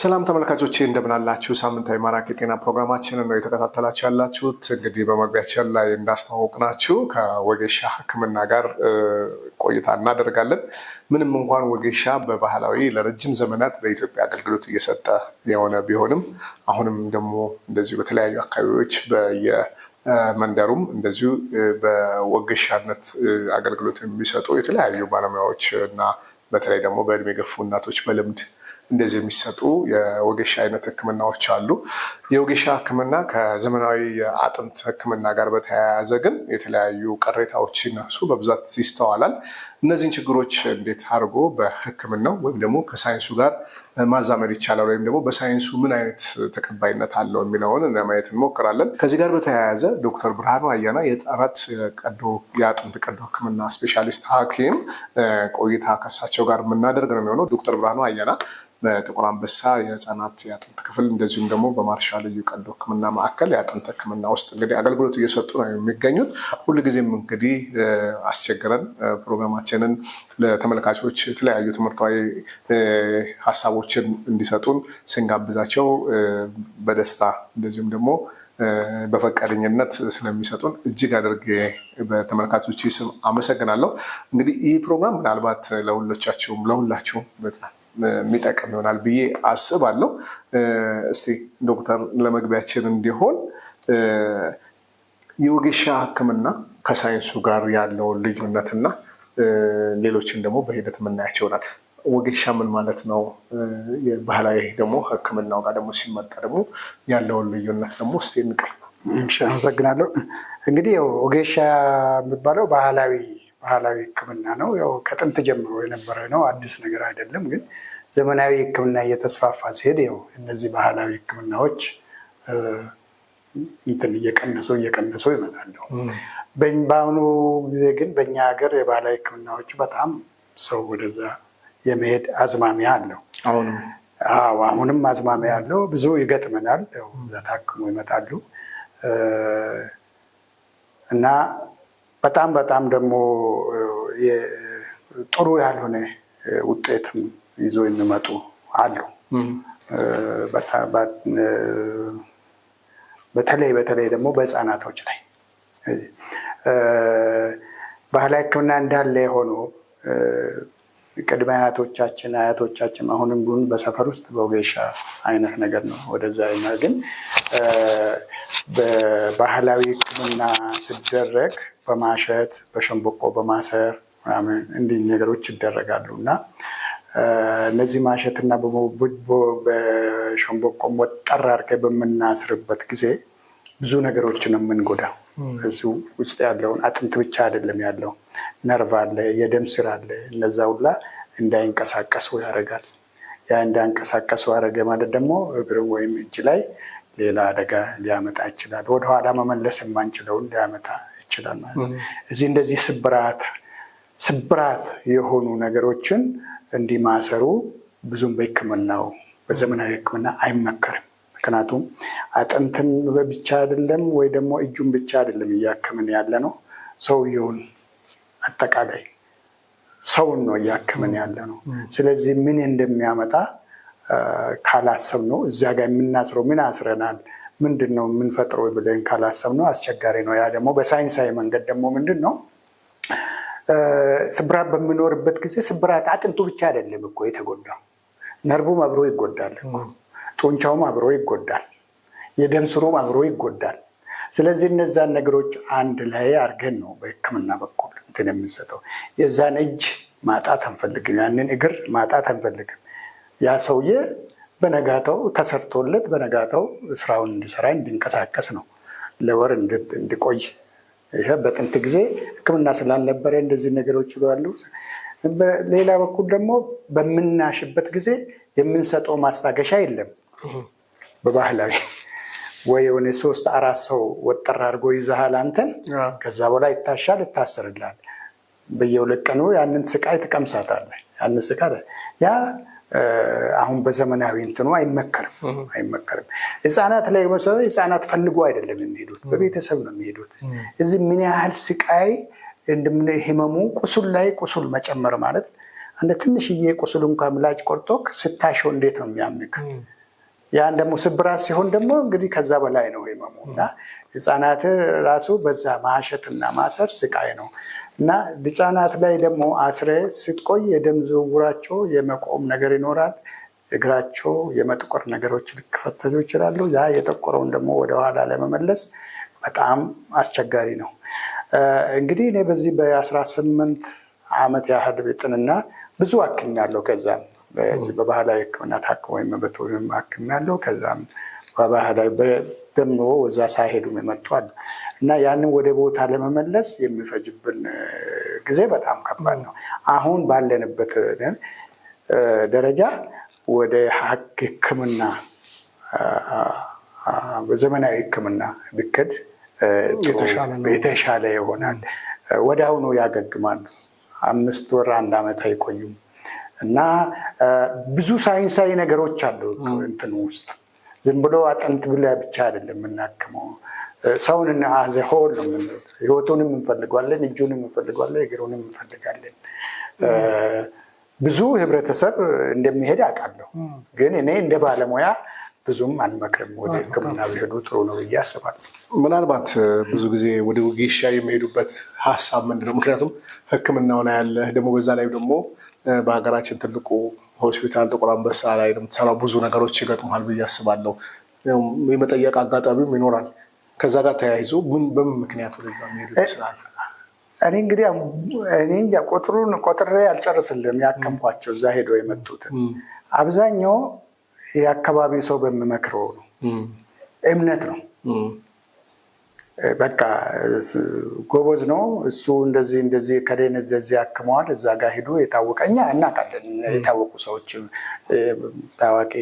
ሰላም ተመልካቾቼ እንደምናላችሁ። ሳምንታዊ ማራኪ የጤና ፕሮግራማችንን ነው የተከታተላችሁ ያላችሁት። እንግዲህ በመግቢያችን ላይ እንዳስተዋወቅናችሁ ከወጌሻ ሕክምና ጋር ቆይታ እናደርጋለን። ምንም እንኳን ወጌሻ በባህላዊ ለረጅም ዘመናት በኢትዮጵያ አገልግሎት እየሰጠ የሆነ ቢሆንም አሁንም ደግሞ እንደዚሁ በተለያዩ አካባቢዎች በየመንደሩም እንደዚሁ በወጌሻነት አገልግሎት የሚሰጡ የተለያዩ ባለሙያዎች እና በተለይ ደግሞ በእድሜ የገፉ እናቶች በልምድ እንደዚህ የሚሰጡ የወጌሻ አይነት ህክምናዎች አሉ። የወጌሻ ህክምና ከዘመናዊ የአጥንት ህክምና ጋር በተያያዘ ግን የተለያዩ ቅሬታዎች ሲነሱ በብዛት ይስተዋላል። እነዚህን ችግሮች እንዴት አድርጎ በህክምናው ወይም ደግሞ ከሳይንሱ ጋር ማዛመድ ይቻላል ወይም ደግሞ በሳይንሱ ምን አይነት ተቀባይነት አለው የሚለውን ለማየት እንሞክራለን። ከዚህ ጋር በተያያዘ ዶክተር ብርሃኑ አያና የጠረት ቀዶ የአጥንት ቀዶ ሕክምና ስፔሻሊስት ሐኪም ቆይታ ከሳቸው ጋር የምናደርግ ነው የሚሆነው። ዶክተር ብርሃኑ አያና በጥቁር አንበሳ የህፃናት የአጥንት ክፍል እንደዚሁም ደግሞ በማርሻ ልዩ ቀዶ ህክምና ማዕከል የአጥንት ህክምና ውስጥ እንግዲህ አገልግሎት እየሰጡ ነው የሚገኙት። ሁልጊዜም እንግዲህ አስቸግረን ፕሮግራማችንን ለተመልካቾች የተለያዩ ትምህርታዊ ሀሳቦችን እንዲሰጡን ስንጋብዛቸው በደስታ እንደዚሁም ደግሞ በፈቃደኝነት ስለሚሰጡን እጅግ አድርጌ በተመልካቾች ስም አመሰግናለሁ። እንግዲህ ይህ ፕሮግራም ምናልባት ለሁሎቻችሁም ለሁላችሁም በጣም የሚጠቅም ይሆናል ብዬ አስባለሁ። እስቲ ዶክተር ለመግቢያችን እንዲሆን የወጌሻ ሕክምና ከሳይንሱ ጋር ያለውን ልዩነትና ሌሎችን ደግሞ በሂደት የምናያቸው ይሆናል። ወጌሻ ምን ማለት ነው? ባህላዊ ደግሞ ሕክምናው ጋር ደግሞ ሲመጣ ደግሞ ያለውን ልዩነት ደግሞ ስ ንቅር አመሰግናለሁ። እንግዲህ ወጌሻ የሚባለው ባህላዊ ባህላዊ ሕክምና ነው። ያው ከጥንት ጀምሮ የነበረ ነው። አዲስ ነገር አይደለም ግን ዘመናዊ ህክምና እየተስፋፋ ሲሄድ ው እነዚህ ባህላዊ ህክምናዎች እንትን እየቀነሱ እየቀነሱ ይመጣሉ። በአሁኑ ጊዜ ግን በእኛ ሀገር የባህላዊ ህክምናዎች በጣም ሰው ወደዛ የመሄድ አዝማሚያ አለው። አሁንም አዝማሚያ አለው። ብዙ ይገጥመናል። እዛ ታክሞ ይመጣሉ እና በጣም በጣም ደግሞ ጥሩ ያልሆነ ውጤትም ይዞ የሚመጡ አሉ። በተለይ በተለይ ደግሞ በህፃናቶች ላይ ባህላዊ ሕክምና እንዳለ የሆኖ ቅድመ አያቶቻችን አያቶቻችን አሁንም ቢሆን በሰፈር ውስጥ በወጌሻ አይነት ነገር ነው ወደዛ ና ግን በባህላዊ ሕክምና ሲደረግ በማሸት በሸንበቆ በማሰር ምናምን እንዲህ ነገሮች ይደረጋሉ እና እነዚህ ማሸትና በሸንበቆም ወጠር አድርገን በምናስርበት ጊዜ ብዙ ነገሮችን የምንጎዳ እዚሁ ውስጥ ያለውን አጥንት ብቻ አይደለም ያለው፣ ነርቭ አለ፣ የደም ስር አለ። እነዛ ሁላ እንዳይንቀሳቀሱ ያደርጋል። ያ እንዳይንቀሳቀሱ ያደረገ ማለት ደግሞ እግር ወይም እጅ ላይ ሌላ አደጋ ሊያመጣ ይችላል። ወደኋላ መመለስ የማንችለውን ሊያመጣ ይችላል ማለት እዚህ እንደዚህ ስብራት ስብራት የሆኑ ነገሮችን እንዲማሰሩ ብዙም በህክምናው በዘመናዊ ህክምና አይመከርም። ምክንያቱም አጥንትን ብቻ አይደለም ወይ ደግሞ እጁን ብቻ አይደለም እያክምን ያለ ነው። ሰውየውን አጠቃላይ ሰውን ነው እያክምን ያለ ነው። ስለዚህ ምን እንደሚያመጣ ካላሰብ ነው እዚያ ጋር የምናስረው ምን አስረናል ምንድን ነው የምንፈጥረው ብለን ካላሰብ ነው አስቸጋሪ ነው። ያ ደግሞ በሳይንሳዊ መንገድ ደግሞ ምንድን ነው ስብራት በሚኖርበት ጊዜ ስብራት አጥንቱ ብቻ አይደለም እኮ የተጎዳው፣ ነርቡም አብሮ ይጎዳል፣ ጡንቻውም አብሮ ይጎዳል፣ የደም ስሩም አብሮ ይጎዳል። ስለዚህ እነዛን ነገሮች አንድ ላይ አድርገን ነው በሕክምና በኩል እንትን የምንሰጠው። የዛን እጅ ማጣት አንፈልግም፣ ያንን እግር ማጣት አንፈልግም። ያ ሰውዬ በነጋታው ተሰርቶለት በነጋታው ስራውን እንዲሰራ እንዲንቀሳቀስ ነው ለወር እንዲቆይ በጥንት ጊዜ ሕክምና ስላልነበረ እንደዚህ ነገሮች ይሏሉ። በሌላ በኩል ደግሞ በምናሽበት ጊዜ የምንሰጠው ማስታገሻ የለም። በባህላዊ ወይ የሆነ ሶስት አራት ሰው ወጠር አድርጎ ይዛሃል አንተን። ከዛ በኋላ ይታሻል፣ ይታሰርላል። በየሁለት ቀኑ ያንን ስቃይ ትቀምሳታለህ። ያንን ስቃይ ያ አሁን በዘመናዊ እንትኑ አይመከርም አይመከርም። ህፃናት ላይ በሰ ህፃናት ፈልጎ አይደለም የሚሄዱት በቤተሰብ ነው የሚሄዱት። እዚህ ምን ያህል ስቃይ ህመሙ ቁስል ላይ ቁስል መጨመር ማለት አንድ ትንሽዬ ቁስል እንኳ ምላጭ ቆርጦ ስታሸው እንዴት ነው የሚያምክ። ያን ደግሞ ስብራት ሲሆን ደግሞ እንግዲህ ከዛ በላይ ነው ህመሙ እና ህፃናት ራሱ በዛ ማሸትና ማሰር ስቃይ ነው። እና ህጻናት ላይ ደግሞ አስረ ስትቆይ የደም ዝውውራቸው የመቆም ነገር ይኖራል። እግራቸው የመጥቆር ነገሮች ሊከፈተሉ ይችላሉ። ያ የጠቆረውን ደግሞ ወደኋላ ለመመለስ በጣም አስቸጋሪ ነው። እንግዲህ እኔ በዚህ በአስራ ስምንት ዓመት ያህል ብጥንና ብዙ አክሜያለሁ። ከዛም በባህላዊ ሕክምና ታክሞ የሚመጡ አክሜያለሁ። ከዛም በባህላዊ ደምኖ እዛ ሳይሄዱም የመጡ አሉ። እና ያንን ወደ ቦታ ለመመለስ የሚፈጅብን ጊዜ በጣም ከባድ ነው። አሁን ባለንበት ደረጃ ወደ ሕክምና ዘመናዊ ሕክምና ብክድ የተሻለ ይሆናል። ወደ አሁኑ ያገግማሉ። አምስት ወር አንድ ዓመት አይቆዩም። እና ብዙ ሳይንሳዊ ነገሮች አሉ እንትን ውስጥ ዝም ብሎ አጥንት ብላ ብቻ አይደለም የምናክመው ሰውን እናያዘ ሆል ነው የምንለው። ህይወቱንም እንፈልጓለን፣ እጁንም እንፈልጓለን፣ እግሩንም እንፈልጋለን። ብዙ ህብረተሰብ እንደሚሄድ አውቃለሁ፣ ግን እኔ እንደ ባለሙያ ብዙም አንመክርም። ወደ ህክምና ቢሄዱ ጥሩ ነው ብዬ አስባለሁ። ምናልባት ብዙ ጊዜ ወደ ውጌሻ የሚሄዱበት ሀሳብ ምንድን ነው? ምክንያቱም ህክምናው ላይ ያለ ደግሞ በዛ ላይ ደግሞ በሀገራችን ትልቁ ሆስፒታል ጥቁር አንበሳ ላይ የምትሰራው ብዙ ነገሮች ይገጥሙሃል ብዬ አስባለሁ። የመጠየቅ አጋጣሚም ይኖራል። ከዛ ጋር ተያይዞ በምን ምክንያት ወደዛ መሄዱ ይመስላል? እኔ እንግዲህ እኔ እንጃ ቁጥሩን ቆጥሬ አልጨርስልም። ያከምኳቸው እዛ ሄዶ የመጡትን አብዛኛው የአካባቢ ሰው በምመክረው ነው። እምነት ነው። በቃ ጎበዝ ነው እሱ እንደዚህ እንደዚህ ከደን ዘዚ ያክመዋል እዛ ጋር ሄዶ የታወቀ እኛ እናውቃለን። የታወቁ ሰዎች ታዋቂ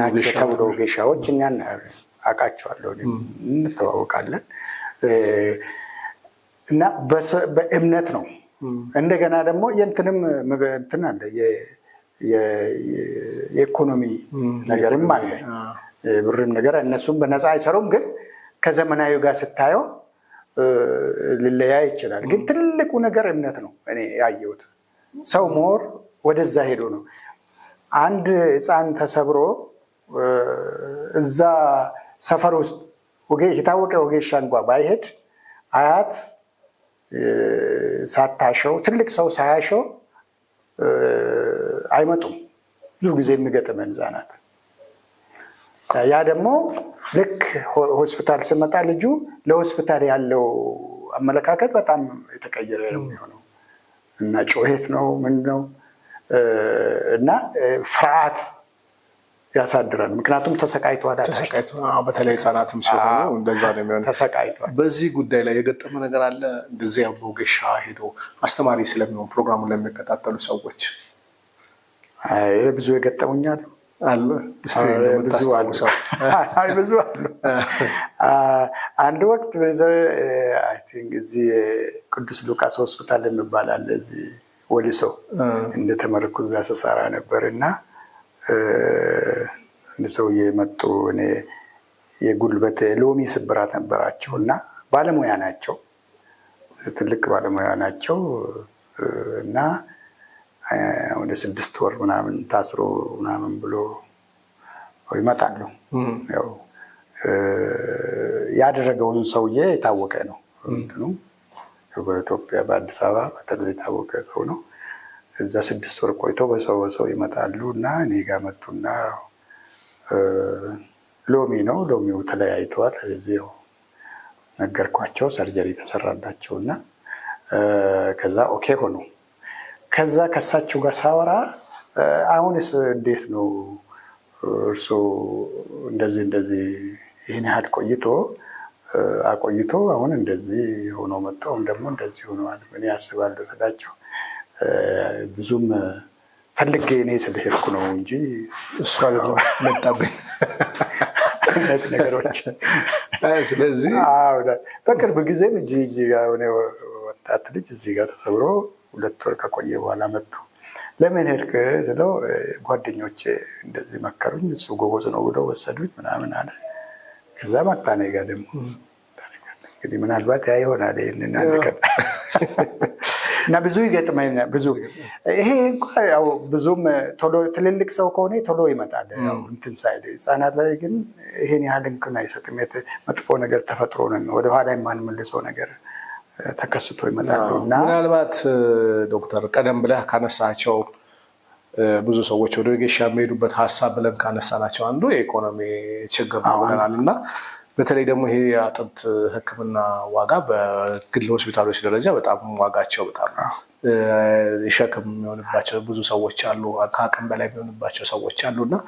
ናቸው ተብሎ ጌሻዎች እኛ እናያለን። አውቃቸዋለሁ፣ እንተዋወቃለን እና በእምነት ነው። እንደገና ደግሞ የእንትንም እንትን አለ የኢኮኖሚ ነገርም አለ ብርም ነገር እነሱም በነፃ አይሰሩም፣ ግን ከዘመናዊ ጋር ስታየው ሊለያይ ይችላል። ግን ትልቁ ነገር እምነት ነው። እኔ ያየሁት ሰው ሞር ወደዛ ሄዶ ነው። አንድ ሕፃን ተሰብሮ እዛ ሰፈር ውስጥ የታወቀ ወጌሻንጓ ባይሄድ አያት ሳታሸው ትልቅ ሰው ሳያሸው አይመጡም። ብዙ ጊዜ የሚገጥመን ህጻናት ያ ደግሞ ልክ ሆስፒታል ስመጣ ልጁ ለሆስፒታል ያለው አመለካከት በጣም የተቀየረ ነው የሚሆነው እና ጩኸት ነው ምን ነው እና ፍርሃት ያሳድራል። ምክንያቱም ተሰቃይቶ ተሰቃይቶ በተለይ ህጻናትም ሲሆኑ እንደዛ ነው የሚሆን። ተሰቃይቷል። በዚህ ጉዳይ ላይ የገጠመ ነገር አለ እንደዚህ ያሉ ገሻ ሄዶ አስተማሪ ስለሚሆን ፕሮግራሙን ለሚከታተሉ ሰዎች ብዙ የገጠሙኛል አሉ ብዙ አሉ። አንድ ወቅት እዚህ ቅዱስ ሉቃስ ሆስፒታል የሚባል አለ እዚህ ወሊሶ እንደተመረኩ እዛ ስሰራ ነበር እና ሰውዬ መጡ። እኔ የጉልበት ሎሚ ስብራት ነበራቸው እና ባለሙያ ናቸው፣ ትልቅ ባለሙያ ናቸው እና ወደ ስድስት ወር ምናምን ታስሮ ምናምን ብሎ ይመጣሉ። ያው ያደረገውን ሰውዬ የታወቀ ነው። በኢትዮጵያ በአዲስ አበባ በተለይ የታወቀ ሰው ነው። እዛ ስድስት ወር ቆይቶ በሰው በሰው ይመጣሉ እና እኔ ጋ መጡና ሎሚ ነው ሎሚው ተለያይተዋል። እዚህ ነገርኳቸው፣ ሰርጀሪ ተሰራላቸው እና ከዛ ኦኬ ሆኑ። ከዛ ከሳቸው ጋር ሳወራ አሁንስ እንዴት ነው እርሱ እንደዚህ እንደዚህ ይህን ያህል ቆይቶ አቆይቶ አሁን እንደዚህ ሆኖ መጥቶ አሁን ደግሞ እንደዚህ ሆነዋል፣ ምን ያስባሉ ስላቸው ብዙም ፈልጌ እኔ ስለሄድኩ ነው እንጂ እሷ መጣብኝ ነገሮች። ስለዚህ በቅርብ ጊዜም እዚህ ወጣት ልጅ እዚህ ጋር ተሰብሮ ሁለት ወር ከቆየ በኋላ መጥቶ ለምን ሄድክ ስለው ጓደኞቼ እንደዚህ መከሩኝ፣ እሱ ጎበዝ ነው ብለው ወሰዱኝ ምናምን አለ። ከዛ መጣ እኔ ጋ ደግሞ እንግዲህ ምናልባት ያ ይሆናል ይህንን አንድ ቀን እና ብዙ ይገጥመኝ ብዙ ይሄ እንኳ ያው ብዙም ቶሎ ትልልቅ ሰው ከሆነ ቶሎ ይመጣል እንትን ሳይል፣ ህጻናት ላይ ግን ይሄን ያህል እንክን አይሰጥም። መጥፎ ነገር ተፈጥሮ ነው ወደኋላ የማንመልሰው ነገር ተከስቶ ይመጣሉ። እና ምናልባት ዶክተር ቀደም ብለህ ካነሳቸው ብዙ ሰዎች ወደ ወጌሻ የሚሄዱበት ሀሳብ ብለን ካነሳናቸው አንዱ የኢኮኖሚ ችግር ነው ብለናል እና በተለይ ደግሞ ይሄ የአጥንት ሕክምና ዋጋ በግል ሆስፒታሎች ደረጃ በጣም ዋጋቸው በጣም ሸክም የሚሆንባቸው ብዙ ሰዎች አሉ። ከአቅም በላይ የሚሆንባቸው ሰዎች አሉ እና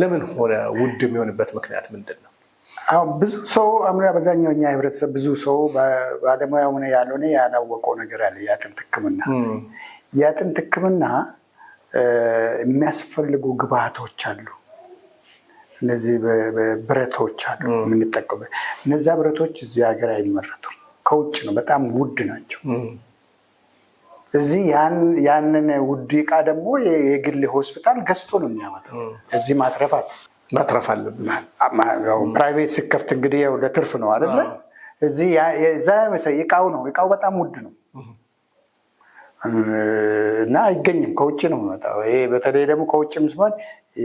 ለምን ሆነ ውድ የሚሆንበት ምክንያት ምንድን ነው? አሁን ብዙ ሰው አምሪ አብዛኛው እኛ ህብረተሰብ ብዙ ሰው ባለሙያ ሆነ ያልሆነ ያላወቀው ነገር አለ። የአጥንት ህክምና የአጥንት ህክምና የሚያስፈልጉ ግብአቶች አሉ እነዚህ ብረቶች አሉ የምንጠቀምበት። እነዚያ ብረቶች እዚህ ሀገር አይመረቱም፣ ከውጭ ነው። በጣም ውድ ናቸው። እዚህ ያንን ውድ ዕቃ ደግሞ የግል ሆስፒታል ገዝቶ ነው የሚያመጣው። እዚህ ማትረፍ ማትረፍ አለብን። ፕራይቬት ስከፍት እንግዲህ ለትርፍ ነው አይደለ? እዚህ እዛ ዕቃው ነው ዕቃው በጣም ውድ ነው። እና አይገኝም። ከውጭ ነው የሚመጣው። ይሄ በተለይ ደግሞ ከውጭም ሲሆን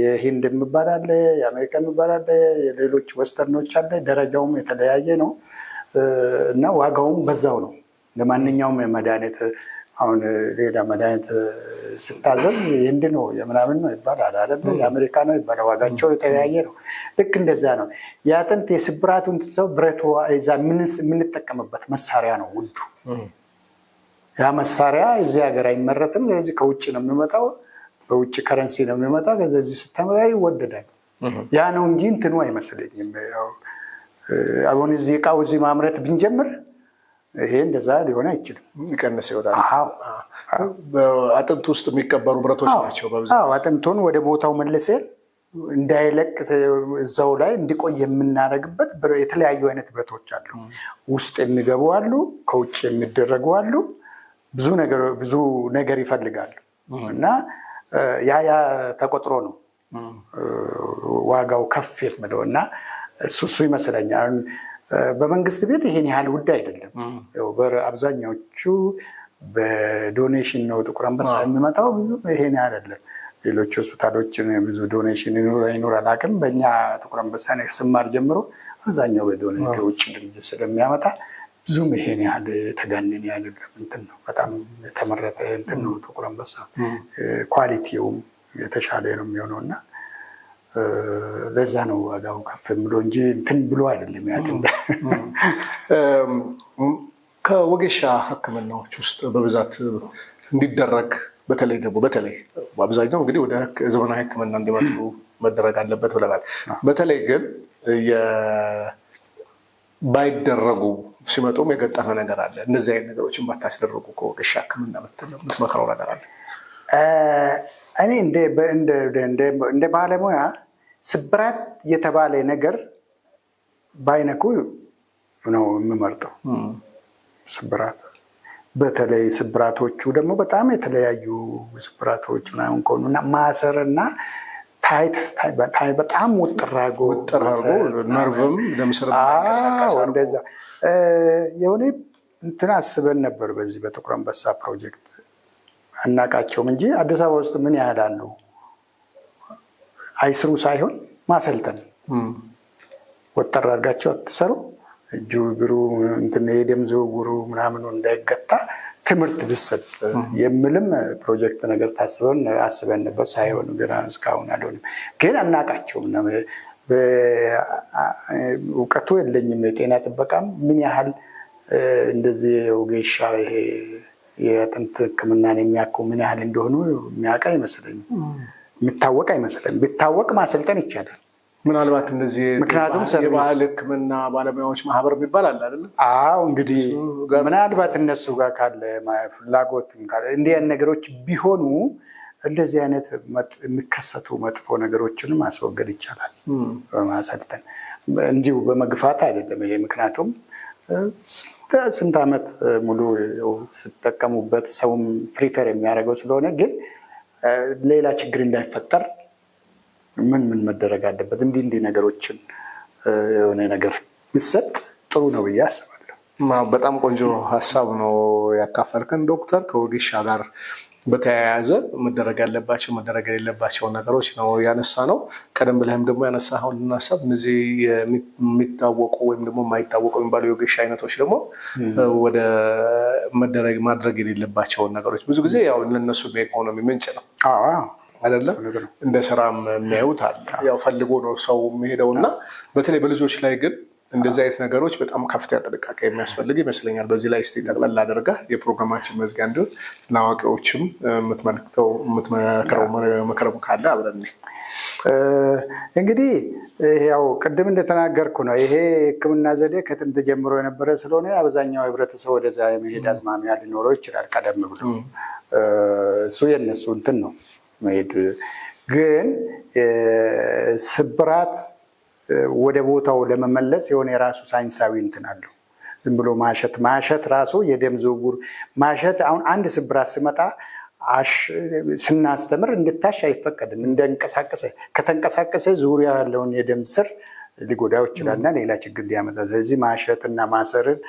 የሂንድ የሚባል አለ፣ የአሜሪካ የሚባል አለ፣ የሌሎች ወስተርኖች አለ። ደረጃውም የተለያየ ነው እና ዋጋውም በዛው ነው። ለማንኛውም የመድኃኒት አሁን ሌላ መድኃኒት ስታዘዝ የህንድ ነው የምናምን ነው ይባላል አለ የአሜሪካ ነው ይባላል። ዋጋቸው የተለያየ ነው። ልክ እንደዛ ነው። የአጥንት የስብራቱን ሰው ብረት ዛ የምንጠቀምበት መሳሪያ ነው ውዱ ያ መሳሪያ እዚህ ሀገር አይመረትም። ስለዚህ ከውጭ ነው የሚመጣው፣ በውጭ ከረንሲ ነው የሚመጣው። ከዚህ ስተመራ ይወደዳል። ያ ነው እንጂ እንትኑ አይመስለኝም። አሁን እዚህ እቃው እዚህ ማምረት ብንጀምር ይሄ እንደዛ ሊሆን አይችልም። ይቀንስ ይወጣል። ውስጥ የሚቀበሩ ብረቶች ናቸው በብዛት። አጥንቱን ወደ ቦታው መልሴ እንዳይለቅ እዛው ላይ እንዲቆይ የምናደርግበት የተለያዩ አይነት ብረቶች አሉ። ውስጥ የሚገቡ አሉ፣ ከውጭ የሚደረጉ አሉ። ብዙ ነገር ብዙ ነገር ይፈልጋል እና ያ ያ ተቆጥሮ ነው ዋጋው ከፍ የምለው እና እሱ እሱ ይመስለኛል። በመንግስት ቤት ይሄን ያህል ውድ አይደለም። አብዛኛዎቹ በዶኔሽን ነው ጥቁር አንበሳ የሚመጣው ብዙ ይሄን ያህል አይደለም። ሌሎች ሆስፒታሎችን ብዙ ዶኔሽን ይኑር አላውቅም። በእኛ ጥቁር አንበሳ ስማር ጀምሮ አብዛኛው በዶኔሽን ውጭ ድርጅት ስለሚያመጣ ብዙም ይሄን ያህል ተጋንን አይደለም። እንትን ነው በጣም የተመረጠ እንትን ነው። ጥቁር አንበሳ ኳሊቲውም የተሻለ ነው የሚሆነው እና ለዛ ነው ዋጋው ከፍ ብሎ እንጂ እንትን ብሎ አይደለም። ያት ከወጌሻ ህክምናዎች ውስጥ በብዛት እንዲደረግ በተለይ ደግሞ በተለይ በአብዛኛው እንግዲህ ወደ ዘመናዊ ህክምና እንዲመጡ መደረግ አለበት ብለናል። በተለይ ግን ባይደረጉ ሲመጡም የገጠመ ነገር አለ። እነዚህ አይነት ነገሮችን ባታስደረጉ ከወደሻ ሕክምና የምትመክረው ነገር አለ? እኔ እንደ ባለሙያ ስብራት የተባለ ነገር ባይነኩ ነው የምመርጠው። ስብራት በተለይ ስብራቶቹ ደግሞ በጣም የተለያዩ ስብራቶች ምናምን ከሆኑ እና ማሰርና ታይ በጣም ውጥር አድርጎ ነርቭም እንደዛ የሆነ እንትን አስበን ነበር። በዚህ በጥቁር አንበሳ ፕሮጀክት አናቃቸውም እንጂ አዲስ አበባ ውስጥ ምን ያህል አሉ አይስሩ ሳይሆን ማሰልጠን ወጠር አድርጋቸው አትሰሩ እጁ እግሩ እንትን የደም ዝውውሩ ምናምኑ እንዳይገታ ትምህርት ብሰጥ የምልም ፕሮጀክት ነገር ታስበን አስበን ነበር። ሳይሆን ግን እስካሁን አልሆንም። ግን አናውቃቸውም። እውቀቱ የለኝም። የጤና ጥበቃም ምን ያህል እንደዚህ ወጌሻ ይሄ የአጥንት ሕክምናን የሚያውቀው ምን ያህል እንደሆኑ የሚያውቅ አይመስለኝም። የሚታወቅ አይመስለኝም። ቢታወቅ ማሰልጠን ይቻላል። ምናልባት እንደዚህ ምክንያቱም የባህል ሕክምና ባለሙያዎች ማህበር የሚባል አለ አይደለ? አዎ እንግዲህ ምናልባት እነሱ ጋር ካለ ፍላጎት እንዲህ አይነት ነገሮች ቢሆኑ እንደዚህ አይነት የሚከሰቱ መጥፎ ነገሮችን ማስወገድ ይቻላል። በማሰልጠን እንዲሁ በመግፋት አይደለም። ይሄ ምክንያቱም ስንት ዓመት ሙሉ ሲጠቀሙበት ሰውም ፕሪፌር የሚያደርገው ስለሆነ ግን ሌላ ችግር እንዳይፈጠር ምን ምን መደረግ አለበት፣ እንዲህ እንዲህ ነገሮችን የሆነ ነገር ብሰጥ ጥሩ ነው ብዬ አስባለሁ። በጣም ቆንጆ ሀሳብ ነው ያካፈልከን ዶክተር። ከወጌሻ ጋር በተያያዘ መደረግ ያለባቸው መደረግ የሌለባቸው ነገሮች ነው ያነሳ ነው። ቀደም ብለህም ደግሞ ያነሳ ያነሳኸውን ሀሳብ እነዚህ የሚታወቁ ወይም ደግሞ የማይታወቁ የሚባሉ የወጌሻ አይነቶች ደግሞ ወደ መደረግ ማድረግ የሌለባቸውን ነገሮች ብዙ ጊዜ ያው ለነሱ በኢኮኖሚ ምንጭ ነው አይደለም እንደ ስራም የሚያዩት አለ። ያው ፈልጎ ነው ሰው የሚሄደው እና በተለይ በልጆች ላይ ግን እንደዚህ አይነት ነገሮች በጣም ከፍተኛ ጥንቃቄ የሚያስፈልግ ይመስለኛል። በዚህ ላይ ስቴ ጠቅለል አድርጋ የፕሮግራማችን መዝጊያ እንዲሆን ለአዋቂዎችም የምትመክረው ምክርም ካለ አብረን እንግዲህ ያው ቅድም እንደተናገርኩ ነው። ይሄ ሕክምና ዘዴ ከጥንት ጀምሮ የነበረ ስለሆነ አብዛኛው ህብረተሰብ ወደዛ የመሄድ አዝማሚያ ሊኖረው ይችላል። ቀደም ብሎ እሱ የነሱ እንትን ነው መሄድ ግን ስብራት ወደ ቦታው ለመመለስ የሆነ የራሱ ሳይንሳዊ እንትን አለው። ዝም ብሎ ማሸት ማሸት ራሱ የደም ዝውውር ማሸት አሁን አንድ ስብራት ስመጣ ስናስተምር እንድታሽ አይፈቀድም። እንደንቀሳቀሰ ከተንቀሳቀሰ ዙሪያ ያለውን የደም ስር ሊጎዳው ይችላልና ሌላ ችግር ሊያመጣ ስለዚህ ማሸት እና ማሰርን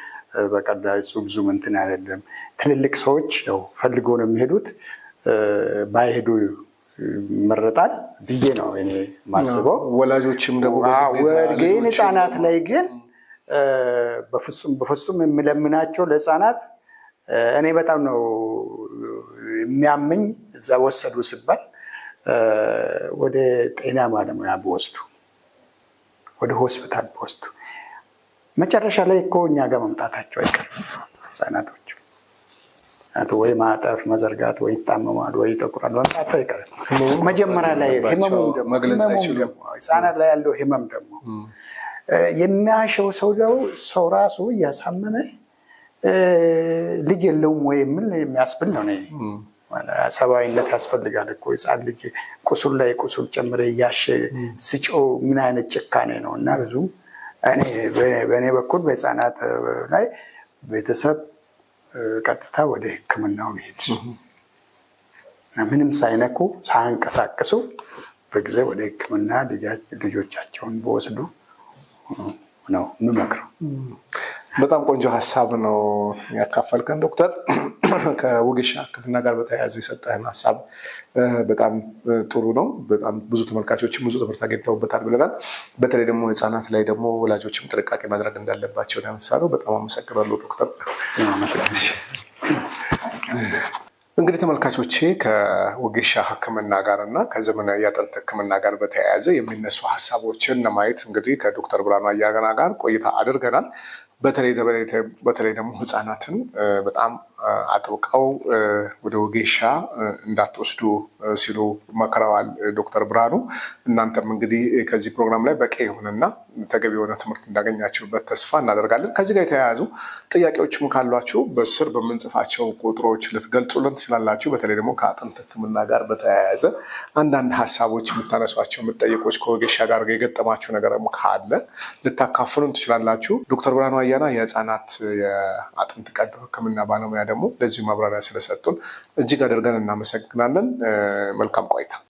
በቀላሉ ብዙ እንትን አይደለም። ትልልቅ ሰዎች ያው ፈልጎ ነው የሚሄዱት። ባይሄዱ ይመረጣል ብዬ ነው እኔ ማስበው። ወላጆችም ደግሞ ህፃናት ላይ ግን በፍጹም የምለምናቸው ለህፃናት እኔ በጣም ነው የሚያምኝ እዛ ወሰዱ ስባል ወደ ጤና ባለሙያ በወስዱ ወደ ሆስፒታል በወስዱ መጨረሻ ላይ እኮ እኛ ጋር መምጣታቸው አይቀርም ህፃናቶች ወይ ማጠፍ መዘርጋት ወይ ይጣመማል ወይ ይጠቁራል። መምጣቱ ይቀር መጀመሪያ ላይ ህመሙህፃናት ላይ ያለው ህመም ደግሞ የሚያሸው ሰው ደግሞ ሰው ራሱ እያሳመመ ልጅ የለውም ወይ የምል የሚያስብል ነው። ሰብአዊነት ያስፈልጋል እኮ ህፃን ልጅ ቁሱል ላይ ቁሱል ጨምረ እያሸ ስጮ ምን አይነት ጭካኔ ነው? እና ብዙ በእኔ በኩል በህፃናት ላይ ቤተሰብ ቀጥታ ወደ ህክምናው መሄድ ምንም ሳይነኩ ሳያንቀሳቅሱ በጊዜ ወደ ህክምና ልጆቻቸውን በወስዱ ነው የምመክረው። በጣም ቆንጆ ሀሳብ ነው ያካፈልከን ዶክተር። ከውግሻ ሕክምና ጋር በተያያዘ የሰጠህን ሀሳብ በጣም ጥሩ ነው። በጣም ብዙ ተመልካቾችም ብዙ ትምህርት አግኝተውበታል ብለናል። በተለይ ደግሞ ህፃናት ላይ ደግሞ ወላጆችም ጥንቃቄ ማድረግ እንዳለባቸው ያነሳ ነው። በጣም አመሰግናለሁ ዶክተር። እንግዲህ ተመልካቾቼ ከውግሻ ህክምና ጋር እና ከዘመናዊ የአጥንት ህክምና ጋር በተያያዘ የሚነሱ ሀሳቦችን ለማየት እንግዲህ ከዶክተር ብርሃኑ አያገና ጋር ቆይታ አድርገናል። በተለይ በተለይ ደግሞ ህፃናትን በጣም አጥብቀው ወደ ወጌሻ እንዳትወስዱ ሲሉ መክረዋል ዶክተር ብርሃኑ። እናንተም እንግዲህ ከዚህ ፕሮግራም ላይ በቂ የሆነና ተገቢ የሆነ ትምህርት እንዳገኛችሁበት ተስፋ እናደርጋለን። ከዚህ ጋር የተያያዙ ጥያቄዎችም ካሏችሁ በስር በምንጽፋቸው ቁጥሮች ልትገልጹልን ትችላላችሁ። በተለይ ደግሞ ከአጥንት ሕክምና ጋር በተያያዘ አንዳንድ ሀሳቦች የምታነሷቸው የምትጠይቆች ከወጌሻ ጋር የገጠማችሁ ነገር ካለ ልታካፍሉን ትችላላችሁ። ዶክተር ብርሃኑ አያና የህፃናት የአጥንት ቀዶ ሕክምና ባለሙያ ደግሞ ለዚሁ ማብራሪያ ስለሰጡን እጅግ አድርገን እናመሰግናለን። መልካም ቆይታ